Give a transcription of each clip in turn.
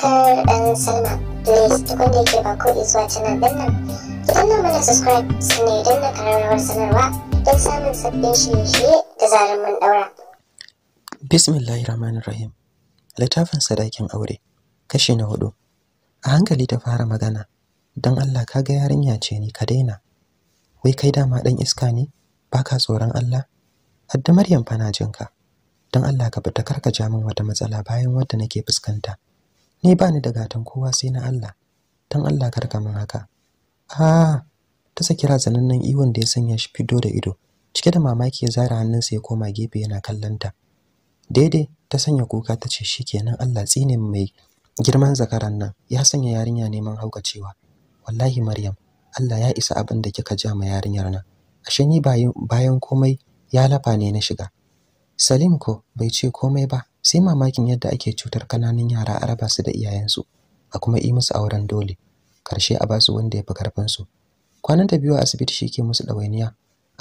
subscribe and sign up. Please tukunde ke ba ko zuwa canal din nan. Ki danna mana subscribe sannan idan na karar sanarwa don samun sabbin shirye-shirye da zarar mun daura. Bismillahir Rahmanir Rahim. Littafin sadakin aure kashi na hudu. A hankali ta fara magana. Don Allah ka ga yarinya ce ni ka daina. Wai kai dama dan iska ne? Ba ka tsoron Allah? Hadda Maryam fa jinka. Don Allah ka fita karka ja min wata matsala bayan wadda nake fuskanta. ni ba ni da gatan kowa sai na Allah dan Allah kar ka min haka ah ta saki nan iwon da ya sanya shi fido da ido cike da mamaki ya zara sa ya koma gefe yana kallanta daidai ta sanya kuka ta ce shikenan Allah tsine mai girman zakaran nan ya sanya yarinya neman haukacewa wallahi Maryam Allah ya isa abin da kika ja ma yarinyar nan ashe ni bayan komai ya lafa ne na shiga Salim ko bai ce komai ba sai mamakin yadda ake cutar kananan yara a raba su da iyayensu a kuma yi musu auren dole karshe a basu wanda ya fi karfin su kwanan ta biyu a asibiti shi ke musu ɗawainiya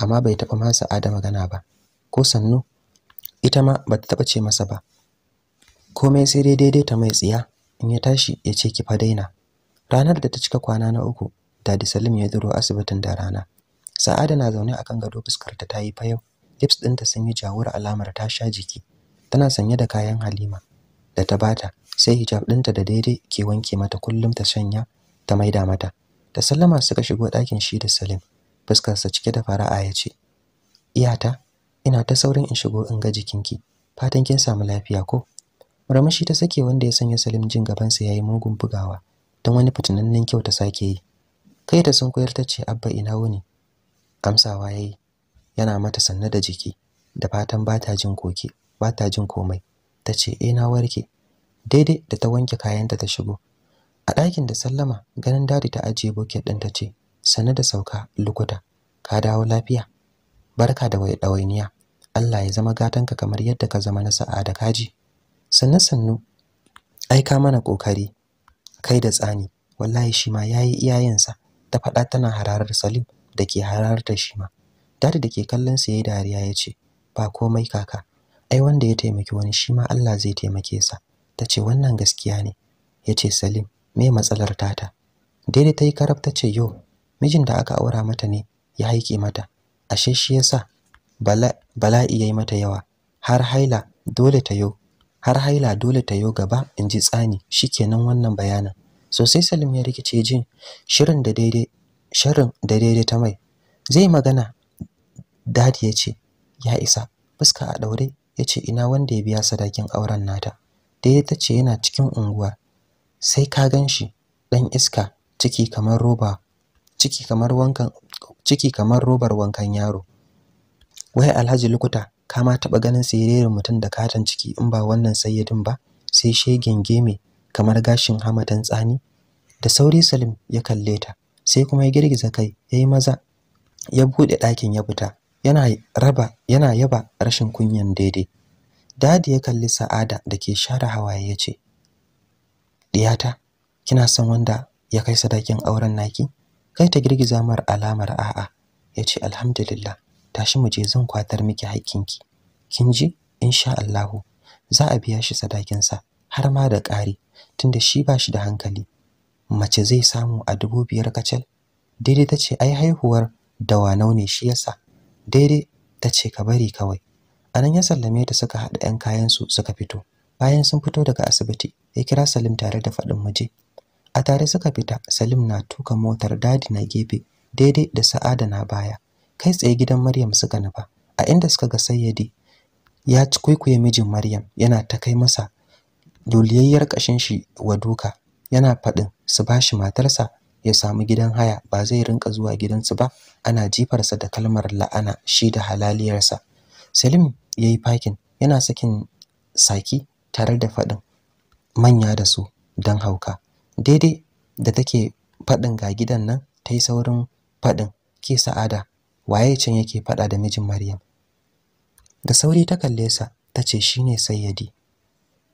amma bai taɓa masa da magana ba ko sannu ita ma bata taɓa ce masa ba komai sai dai daidai ta mai tsiya in ya tashi ya ce ki fa daina ranar da ta cika kwana na uku dadi salim ya duro asibitin da rana sa'ada na zaune akan gado fuskar ta ta fa yau lips ɗinta sun yi jawur alamar ta sha jiki tana sanye da kayan Halima da ta bata sai hijab ɗinta da daidai ke wanke mata kullum ta shanya ta maida mata da sallama suka shigo ɗakin shi da Salim fuskarsa cike da fara'a ya ce iyata ina ta saurin in shigo in ga jikinki fatan kin samu lafiya ko murmushi ta sake wanda ya sanya Salim jin gabansa ya yi mugun bugawa don wani fitinannen kyau ta sake yi kai ta sun koyar ta ce abba ina wuni amsawa yayi yana mata sanna da jiki da fatan bata jin koke ba ta jin komai ta ce eh na warke daidai da ta wanke kayanta ta shigo a ɗakin da sallama ganin dadi ta ajiye bokit ɗin ta ce sane da sauka lukuta ka dawo lafiya barka da wai ɗawainiya Allah ya zama ka kamar yadda ka zama na sa'a da kaji sannan sannu aika mana kokari kai da tsani wallahi shi ma yayi iyayensa ta faɗa tana hararar Salim da ke hararar ta shi ma dadi da ke kallon sa yayi dariya ya ce ba komai kaka ai wanda ya taimaki wani shi ma Allah zai taimake sa Ta ce wannan gaskiya ne ya ce Salim me matsalar tata daidai ta yi karab ce yo mijin da aka aura mata ne ya haike mata ashe shi yasa bala bala'i yi mata yawa har haila dole ta yo har haila dole ta yo gaba in ji tsani shi kenan wannan bayanan sosai Salim ya rikice jin shirin da daidai shirin da daidai ta mai zai magana dadi ya ce ya isa fuska a daure ya ce ina wanda ya biya sadakin auren nata daidai ya tace yana cikin unguwar sai ka gan shi ɗan iska ciki kamar roba ciki kamar wankan ciki kamar robar wankan yaro wai alhaji lukuta ka ma taɓa ganin sirrin mutum da katon ciki in ba wannan sayyidin ba sai shegen geme kamar gashin hamatan tsani da sauri salim ya kalle ta sai kuma ya girgiza kai yayi maza ya bude dakin ya fita yana raba yana yaba rashin kunyan daidai dadi ya kalli sa'ada da ke share hawaye ya ce diyata kina son wanda ya kai sadakin auren naki kai ta girgiza mar alamar a'a ya ce alhamdulillah tashi mu je zan kwatar miki haƙƙinki kin ji insha Allahu za a biya shi sadakinsa har ma da ƙari tunda shi ba shi da hankali mace zai samu a dubu biyar kacal daidai ta ce ai haihuwar dawanau ne shi yasa daidai ta ce ka bari kawai a nan ya sallame ta suka haɗa 'yan kayansu suka fito bayan sun fito daga asibiti ya kira salim tare da faɗin muje a tare suka fita salim na tuka motar dadi na gefe daidai da sa'ada na baya kai tsaye gidan maryam suka nufa a inda suka ga sayyadi ya ci kwaikwaye mijin maryam yana ta kai masa doliyayyar ƙashin shi wa duka yana faɗin su bashi matarsa ya samu gidan haya ba zai rinka zuwa gidansu ba ana jifarsa da kalmar la'ana shi da halaliyarsa Salim yi fakin yana sakin saki tare da faɗin manya da su don hauka daidai da take faɗin ga gidan nan ta yi saurin faɗin ke sa'ada waye can yake faɗa da mijin Maryam da sauri ta kalle sa ta ce shi ne sayyadi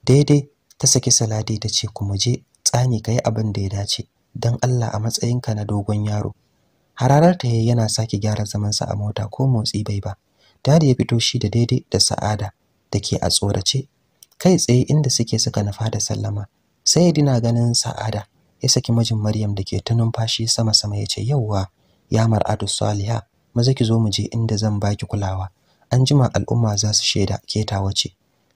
daidai ta saki saladi ta ce kuma je tsani kai abin da ya dace don Allah a matsayinka na dogon yaro hararar ta yana sake gyara zamansa a mota ko motsi bai ba dadi ya fito shi da daidai da sa'ada da ke a tsorace kai tsaye inda suke suka nafa da sallama sai ya dina ganin sa'ada ya saki mijin maryam da ke ta numfashi sama sama ya ce yauwa ya mar'adu saliha maza ki zo mu je inda zan baki kulawa an jima al'umma za su shaida ketawa wace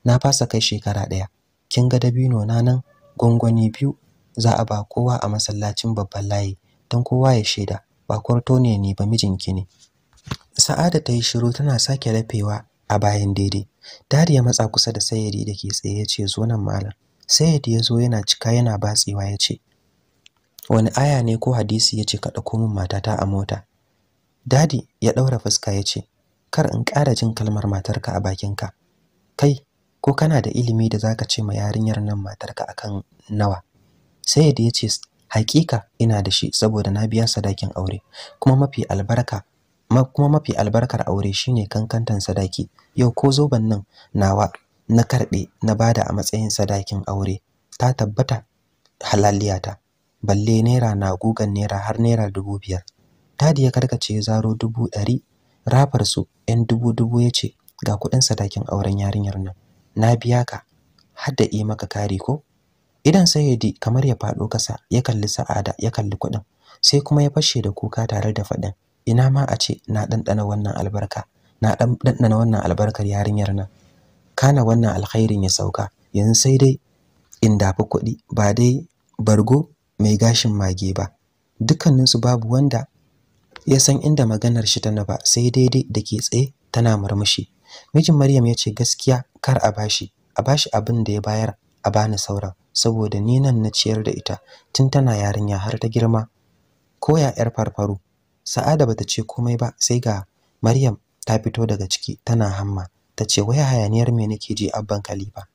na fasa kai shekara ɗaya kin ga dabino na nan gwangwani biyu za a ba kowa a masallacin babban layi don kowa ya shaida ba kwarto ne ni ba mijinki ne sa'ada ta yi shiru tana sake rafewa a bayan daidai dari ya matsa kusa da sayyadi da ke tsaye ya ce zo nan malam sayyadi ya zo yana cika yana batsewa ya ce wani aya ne ko hadisi ya ce ka ɗauko min matata a mota dadi ya ɗaura fuska ya ce kar in ƙara jin kalmar matarka a bakinka kai ko kana da ilimi da za ka ce ma yarinyar nan matarka akan nawa da ya ce hakika ina da shi saboda na biya sadakin aure kuma mafi albarka kuma mafi albarkar aure shine kankantan sadaki yau ko zoban nan nawa na karbe na bada a matsayin sadakin aure ta tabbata halaliyata balle naira na gugan naira har naira dubu biyar tadi ya karkace ya zaro dubu ɗari rafar su yan dubu dubu ya ce ga kuɗin sadakin auren yarinyar nan na biya ka har da maka kari ko idan sayyidi kamar ya faɗo kasa ya kalli sa'ada ya kalli kuɗin sai kuma ya fashe da kuka tare da faɗin ina ma a ce na ɗanɗana wannan albarka na ɗanɗana wannan albarkar yarinyar nan kana wannan alkhairin ya sauka yanzu sai dai in dafi kuɗi ba dai bargo mai gashin mage ba dukkaninsu babu wanda ya san inda maganar shi ta ba sai daidai da ke tsaye tana murmushi mijin maryam ya ce gaskiya kar a bashi a bashi abin da ya bayar a bani sauran saboda ni nan na ciyar da ita tun tana yarinya har ta girma ko ya yar farfaro sa'ada bata ce komai ba sai ga maryam ta fito daga ciki tana hamma ta ce wai hayaniyar me nake ji abban khalifa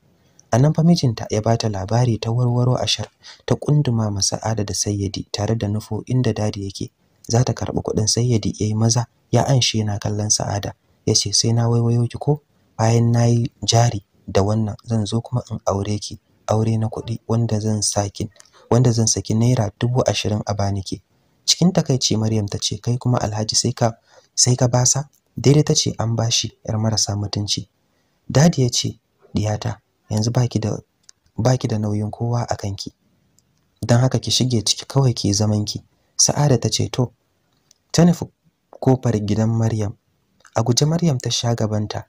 a nan fa mijinta ya bata labari ta warwaro ashar ta kunduma ma sa'ada da sayyadi tare da nufo inda dadi yake za ta karɓi kuɗin sayyadi ya yi maza ya anshe na kallon sa'ada ya ce sai na waiwayo ki ko bayan na yi jari da wannan zan zo kuma in aure ki aure na kuɗi wanda zan saki wanda zan saki naira dubu ashirin a bani ki cikin takaici Maryam ta ce kai kuma Alhaji sai ka sai ka basa daidai ta ce an bashi yar marasa mutunci dadi ya ce diyata yanzu baki da baki da nauyin kowa a kanki don haka ki shige ciki kawai ki zaman ki sa'ada ta ce to ta nufi kofar gidan Maryam a guje Maryam ta sha gabanta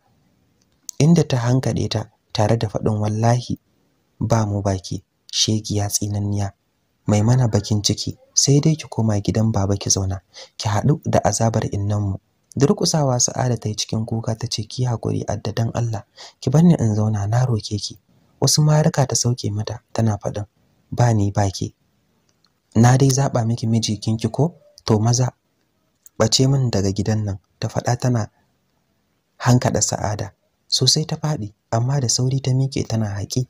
inda ta hankade ta tare da faɗin wallahi ba mu baki shegiya tsinanniya mai mana bakin ciki sai dai ki koma gidan baba ki zauna ki haɗu da azabar mu. durƙusawa sa'ada ta yi cikin kuka ta ce ki haƙuri addadan Allah ki bar ni in zauna na roke ki wasu marika ta sauke mata tana faɗin ba ni ba na dai zaɓa miki miji kinki ko to maza bace min daga gidan nan ta faɗa tana hankada sa'ada sosai ta faɗi amma da sauri ta miƙe tana haƙi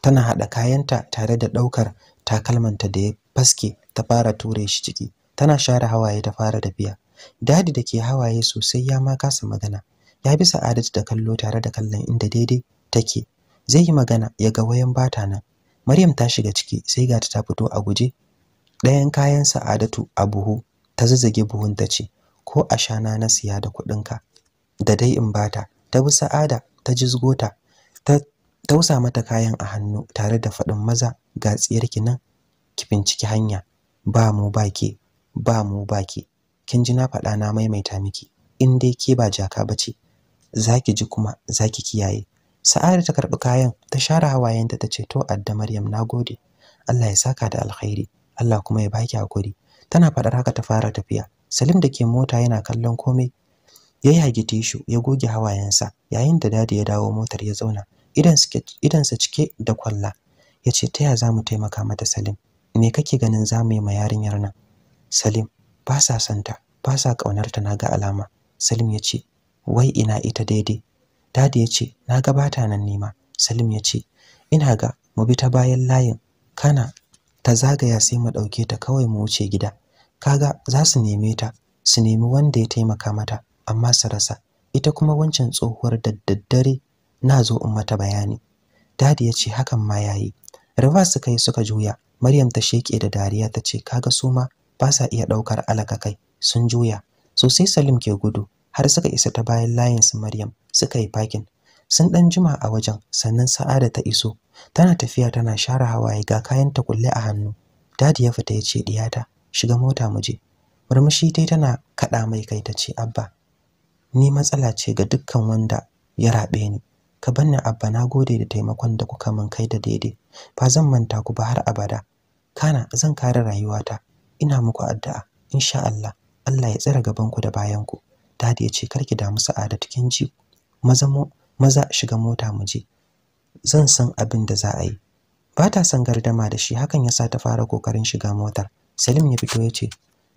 tana haɗa kayanta tare da ɗaukar takalmanta da ya faske ta fara ture shi ciki tana share hawaye ta fara tafiya dadi da ke hawaye sosai ya ma kasa magana ya bi sa'adatu da kallo tare da kallon inda daidai take zai yi magana ya ga wayan bata nan maryam ta shiga ciki sai ga ta fito a guje ɗayan kayan sa'adatu a buhu ta zazzage buhun ta ce ko a shana na siya da kuɗinka da dai in bata ta bi sa'ada ta jizgo ta ta tausa mata kayan a hannu tare da faɗin maza ga ki nan ki binciki hanya ba mu ba ke ba mu ba ke kin ji na faɗa na maimaita miki in dai ke ba jaka ba ce. Za ki ji kuma za ki kiyaye sa'ada ta karɓi kayan ta share hawayenta ta ce to adda maryam na gode. Allah ya saka da alkhairi Allah kuma ya baki hakuri tana faɗar haka ta fara tafiya Salim da ke mota yana kallon komai ya yage tishu ya goge hawayensa yayin da dadi ya dawo motar ya zauna idansa cike da kwalla ya ce ta ya za mu taimaka mata salim me kake ganin za mu yi ma yarinyar nan salim ba sa santa ba sa ƙaunarta na ga alama salim ya ce wai ina ita daidai dadi ya ce na gabata nan nema salim ya ce ina ga mu bi ta bayan layin kana ta zagaya sai mu ɗauke ta kawai mu wuce gida kaga za su neme ta su nemi wanda ya taimaka mata amma su rasa ita kuma wancan tsohuwar da daddare na zo in mata bayani dadi ya ce hakan ma ya yayi reverse suka yi suka juya maryam ta sheke da dariya ta ce kaga su ma ba sa iya ɗaukar alaka kai sun juya sosai salim ke gudu har suka isa ta bayan layin su maryam suka yi fakin. sun dan jima a wajen sannan sa'ada ta iso tana tafiya tana share hawaye ga kayan ta kulle a hannu dadi ya fita ya ce diyata shiga mota mu je murmushi tai tana kaɗa mai kai ta ce abba ni matsala ce ga dukkan wanda ya rabe ni ka banni abba na gode da taimakon da kuka min kai da daidai ba zan manta ku ba har abada kana zan kare rayuwata ina muku addu'a insha Allah Allah ya tsare gaban ku da bayan ku dadi ya ce karki damu sa'ada cikin ji maza maza shiga mota mu je zan san abin da za a yi ba ta son gardama da shi hakan yasa ta fara kokarin shiga motar Salim ya fito ya ce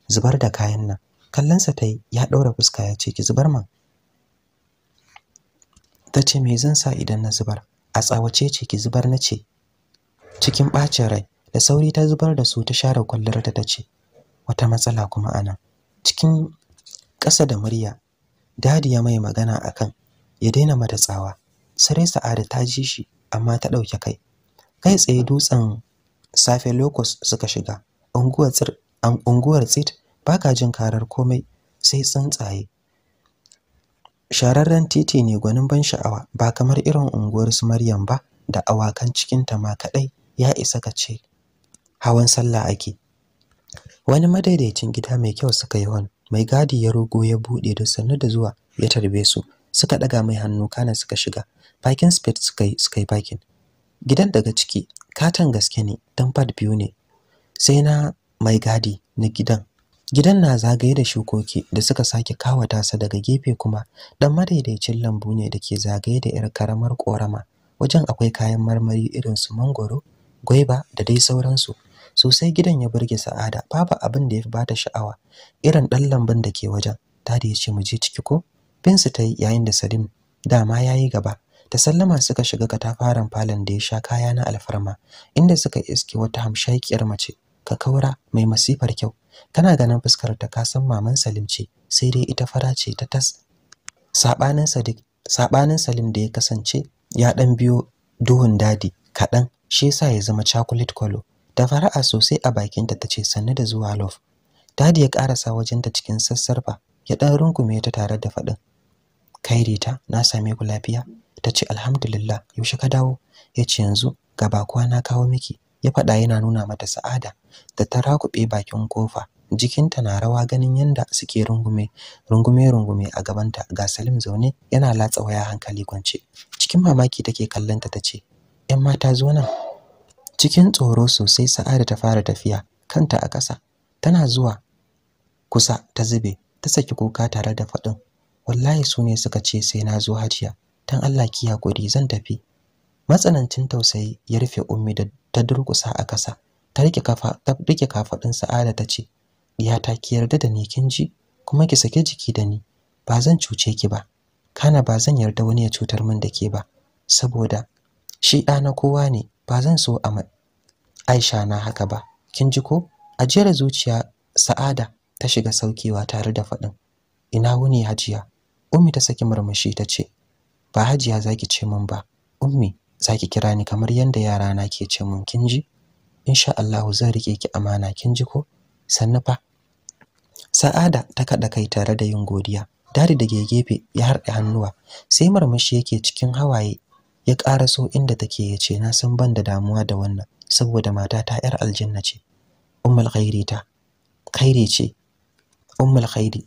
zubar da kayan nan kallonsa ta yi ya ɗaura fuska ya ce ki zubar man ta ce me zan sa idan na zubar a tsawace ce ki zubar na ce cikin ɓacin rai da sauri ta zubar da su ta share kwallar ta ta ce wata matsala kuma anan cikin ƙasa da murya dadi ya mai magana akan ya daina mata tsawa sarai sa'ada ta ji shi amma ta ɗauke kai kai tsaye dutsen safe locus suka shiga unguwar tsit ba ka jin karar komai sai tsuntsaye shararren titi ne gwanin ban sha'awa ba kamar irin unguwar su maryam ba da awakan cikin ta ma kaɗai ya isa ka ce hawan sallah ake wani madaidaicin gida mai kyau suka yi wani mai gadi ya rogo ya buɗe da sannu da zuwa ya tarbe su suka ɗaga mai hannu kana suka shiga bakin spit suka yi suka yi bakin gidan daga ciki katon gaske ne dan biyu ne sai na mai gadi na gidan Gidan na zagaye da shukoki da suka sake kawata sa daga gefe kuma dan madaidaicin lambu ne da ke zagaye da yar karamar korama. Wajen akwai kayan marmari irin su mangoro, gwaiba da dai sauransu. Sosai gidan ya burge Sa'ada, babu abin da ya bata sha'awa irin dan lambun da ke wajen. ta ya ce mu je ciki ko? Binsu ta yi yayin da Salim dama yayi gaba. Ta sallama suka shiga katafaren falon da ya sha kaya na alfarma, inda suka iske wata hamshakiyar mace, ka kaura mai masifar kyau. tana ganin fuskar ta kasan maman Salim ce sai dai ita fara ce ta tas sabanin Sadiq sabanin Salim da ya kasance ya dan biyo duhun dadi kadan shi yasa ya zama chocolate color da fara'a sosai a bakinta tace sanne da zuwa love dadi ya karasa ta cikin sassarfa ya dan rungume ta tare da fadin kai ta na same ku lafiya tace alhamdulillah yaushe ka dawo yace yanzu gaba kwa na kawo miki ya faɗa yana nuna mata sa'ada da ta rakuɓe bakin kofa jikinta na rawa ganin yanda suke rungume rungume rungume a gabanta ga Salim zaune yana latsa waya hankali kwance cikin mamaki take ta ce 'yan mata zo nan cikin tsoro sosai Sa'ada ta fara tafiya kanta a ƙasa tana zuwa kusa ta zube ta saki kuka tare da faɗin wallahi su ne suka ce sai na zo hajiya dan Allah kiya hakuri zan tafi matsanancin tausayi ya rufe ummi da ta durƙusa a ƙasa ta rike kafa ta rike kafadin sa'ada ta ce Ya ta ki yarda da ni kin ji kuma ki sake jiki da ni ba zan cuce ki ba kana ba zan yarda wani ya cutar min da ke ba saboda shi na kowa ne ba zan so a Aisha na haka ba kin ji ko ajiyar zuciya sa'ada ta shiga saukewa tare da faɗin ina wuni hajiya ummi ta saki murmushi ta ce ba hajiya zaki ce min ba ummi zaki kira ni kamar yanda yara na ke ce mun kin ji insha Allah zan rike ki amana kin ji ko sannu fa Sa'ada ta kada kai tare da yin godiya Dari da gegefe ya harɗe hannuwa sai marmashi yake cikin hawaye ya so inda take ya ce na san ban da damuwa da wannan saboda mata ta 'yar aljanna ce ummul khairi ta khairi ce ummul khairi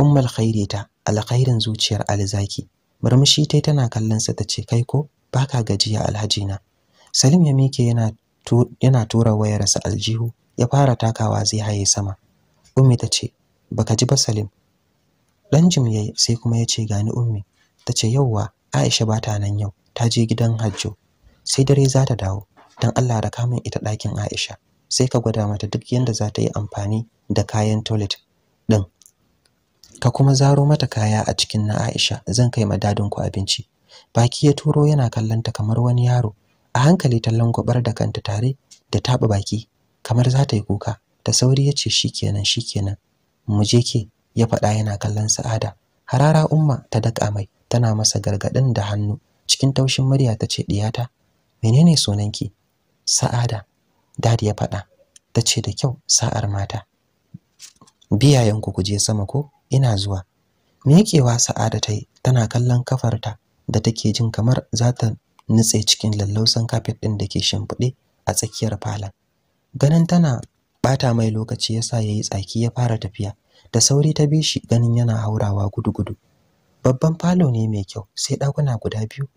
ummul khairi ta alkhairin zuciyar alzaki murmushi tai tana kallon sa ce kai ko baka gajiya alhaji na Salim ya mike yana yana tura wayarsa aljihu ya fara takawa zai haye sama Ummi ta baka ji ba Salim dan jim sai kuma yace gani Ummi tace yauwa Aisha ba ta nan yau ta je gidan Hajjo sai dare za ta dawo dan Allah da min ita ɗakin Aisha sai ka gwada mata duk yanda za ta yi amfani da kayan toilet din ka kuma zaro mata kaya a cikin na Aisha zan kai madadin ku abinci baki ya turo yana kallanta kamar wani yaro a hankali ta langwabar da kanta tare da taba baki kamar za ta yi kuka da sauri ya ce shikenan shikenan mu je ke ya faɗa yana kallon sa'ada harara umma ta daka mai tana masa gargaɗin da hannu cikin taushin murya ta ce diyata menene sunanki sa'ada dadi ya faɗa ta ce da kyau sa'ar mata biyayenku ku je sama ko ina zuwa me yake wa sa'ada ta yi tana kallon kafarta da take jin kamar za ta nutse cikin lallausan kafet ɗin da ke shimfiɗe a tsakiyar falon ganin tana bata mai lokaci yasa yi tsaki ya fara tafiya da sauri ta bi shi ganin yana haurawa gudu-gudu babban falo ne mai kyau sai ɗakuna guda biyu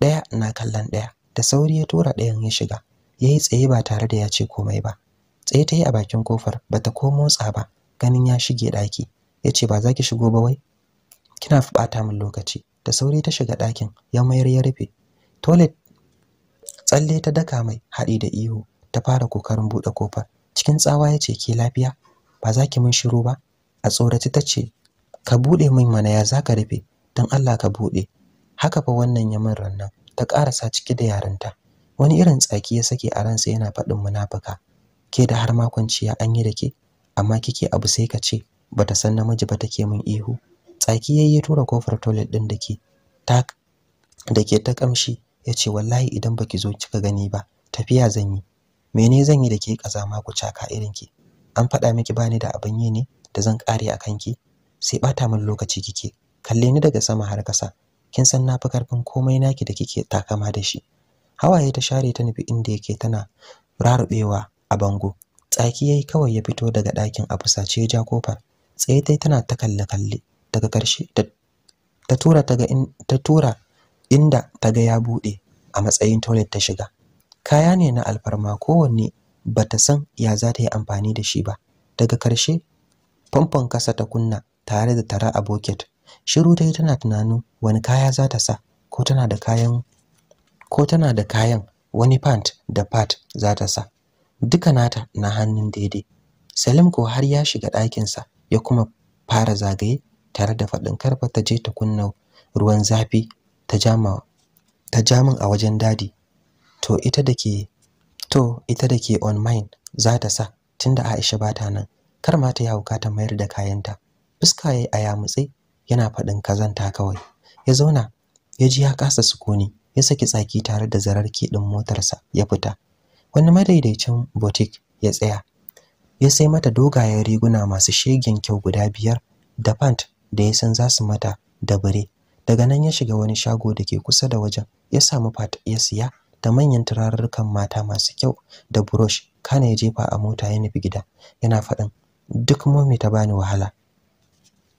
ɗaya na kallon ɗaya da sauri ya tura ɗayan ya shiga Ya yi tsaye ba tare da ya ce komai ba tsaye ta yi a bakin kofar ba ta ko motsa ba ganin ya shige ɗaki ya ce ba za ki shigo ba wai kina fi ɓata min lokaci da sauri ta shiga ɗakin ya mayar ya rufe toilet tsalle ta daka mai haɗi da ihu ta fara kokarin buɗe kofar cikin tsawa ya ce ke lafiya ba za ki mun shiru ba a tsoraci ta ce ka buɗe min mana ya za ka rufe don allah ka buɗe haka fa wannan ya min rannan ta ƙarasa ciki da yarinta wani irin tsaki ya sake a ransa yana faɗin munafuka ke da har makon an yi da ke amma kike abu sai ka ce bata san namiji ba take min ihu tsaki yayi ya tura kofar toilet din dake ta dake ta kamshi yace wallahi idan baki zo kika gani ba tafiya zan yi mene zan yi dake kazama ku caka irin ki an faɗa miki bani da abin yi ne da zan kare akan ki sai bata min lokaci kike kalle ni daga sama har kasa kin san nafi karfin komai naki da kike takama da shi hawaye ta share ta nufi inda yake tana rarubewa a bango tsaki yayi kawai ya fito daga dakin a fusace ya ja kofar tsaye tai tana ta kalle kalle daga ƙarshe ta tura ta ga in ta tura inda ta ga ya buɗe a matsayin toilet ta shiga kaya ne na alfarma kowanne bata san ya za ta yi amfani da shi ba daga ƙarshe, famfon kasa ta kunna tare da tara a bucket shiru ta yi tana tunanin wani kaya za ta sa ko tana da kayan ko tana da kayan wani pant da pat za ta sa duka nata na hannun daidai salim ko har ya shiga ɗakinsa ya kuma fara zagaye tare da faɗin karfa ta je ta kunna ruwan zafi ta jama ta jamin a wajen dadi to ita da ke to ita da on mine za ta sa tunda Aisha ba ta nan kar ma ta yi hauka ta mayar da kayanta fuska yayi a yamutse yana faɗin kazanta kawai ya zauna ya ji ya kasa sukuni ya saki tsaki tare da zarar ɗin motarsa ya fita wani madaidaicin boutique ya tsaya ya sai mata dogayen riguna masu shegen kyau guda biyar da pant da ya san za su mata da bare daga nan ya shiga wani shago da ke kusa da wajen ya samu fata ya siya da manyan turarurrukan mata masu kyau da brush kana ya jefa a mota ya nufi gida yana faɗin duk momi ta bani wahala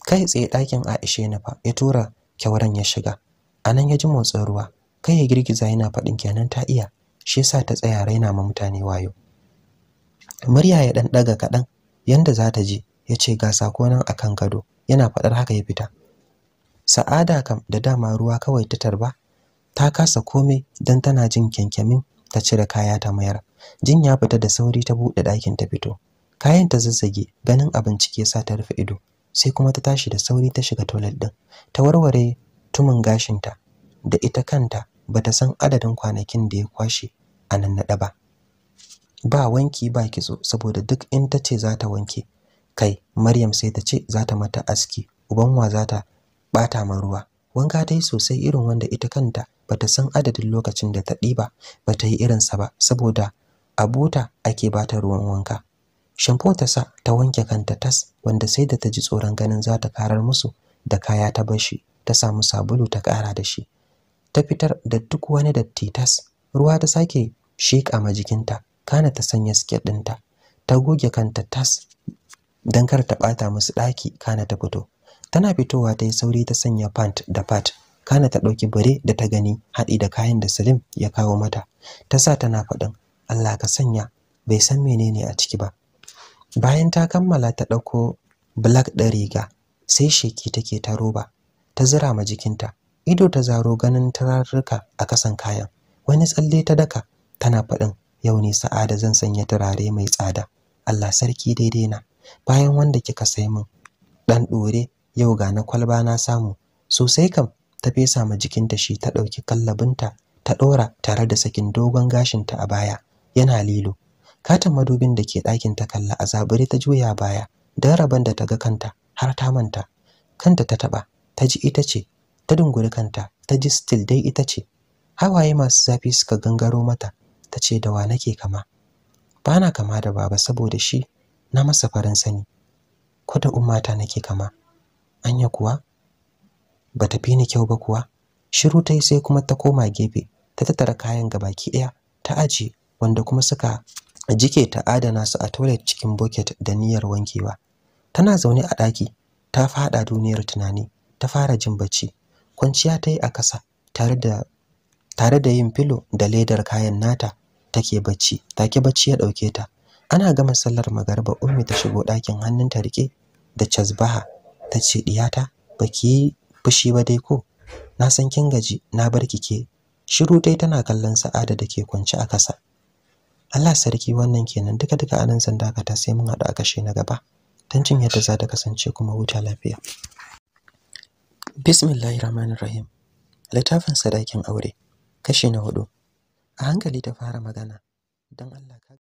kai tsaye ɗakin Aisha na fa ya tura kyauran ya shiga A nan ya ji motsin ruwa kai ya girgiza yana faɗin kenan ta iya shi yasa ta tsaya raina ma mutane wayo murya ya ɗan ɗaga kaɗan yanda za ta je ya ce ga sakonan akan gado yana faɗar haka ya fita sa'ada kam da dama ruwa kawai ta tarba ta kasa komai don tana jin kyankyamin ta cire kaya ta mayar jin ya fita da sauri ta buɗe ɗakin ta fito kayan ta zazzage ganin abin ciki yasa ta rufe ido sai kuma ta tashi da sauri ta shiga toilet din ta warware tumin gashinta da ita kanta bata san adadin kwanakin da ya kwashe a nan na ba ba wanki ba kitso saboda duk in ta ce za ta wanke kai Maryam sai ta ce za ta mata aski ubanwa wa za ta bata ma ruwa wanka ta yi sosai irin wanda ita kanta bata san adadin lokacin da ta ɗiba bata yi sa ba saboda a ake bata ruwan wanka shampo ta sa ta wanke kanta tas wanda sai da ta ji tsoron ganin za ta karar musu da kaya ta bashi ta samu sabulu ta kara da shi ta fitar da duk wani datti tas ruwa ta sake sheƙa ma jikinta kana ta sanya siket ɗinta ta goge kanta tas dan kar ta ɓata musu ɗaki kana ta fito tana fitowa ta yi sauri ta sanya pant da pat kana ta ɗauki bare da ta gani haɗi da kayan da Salim ya kawo mata ta sa tana faɗin Allah ka sanya bai san menene a ciki ba bayan ta kammala ta ɗauko black ɗin riga sai sheki take ta roba ta zura ma jikinta ido ta zaro ganin turarruka a kasan kayan wani tsalle ta daka tana faɗin yau ne Sa'a da zan sanya turare mai tsada Allah sarki daidai na bayan wanda kika sai min dan dore yau ga na kwalba na samu sosai kam ta fesa ma jikinta shi ta dauki kallabinta ta dora tare da sakin dogon gashin ta a baya yana lilo katin madubin da ke dakin ta kalla a zaburi ta juya baya dan raban da ta ga kanta har ta manta kanta ta taba ta ji ita ce ta dunguri kanta ta ji still dai ita ce hawaye masu zafi suka gangaro mata ta ce da wa nake kama bana kama da baba saboda shi na masa farin sani ko da ummata nake kama anya kuwa bata fi ni kyau ba kuwa shiru ta yi sai kuma ta koma gefe ta tattara kayan gabaki ɗaya ta aje wanda kuma suka jike ta adana su a toilet cikin bucket da niyyar wankewa tana zaune a ɗaki ta faɗa duniyar tunani ta fara jin bacci kwanciya ta yi a kasa tare da tare da yin filo da ledar kayan nata take bacci take bacci ya ɗauke ta ana gama sallar magariba ummi ta shigo ɗakin hannunta rike da cazbaha ta ce diyata baki fushi ba dai ko na san kin gaji na bar kike ke shiru dai tana kallon sa'ada da ke kwance a kasa Allah sarki wannan kenan duka duka anan daka ta sai mun haɗu a kashe na gaba don yadda za ta kasance kuma huta lafiya Bismillahirrahmanirrahim littafin sadakin aure kashi na hudu a hankali ta fara magana dan Allah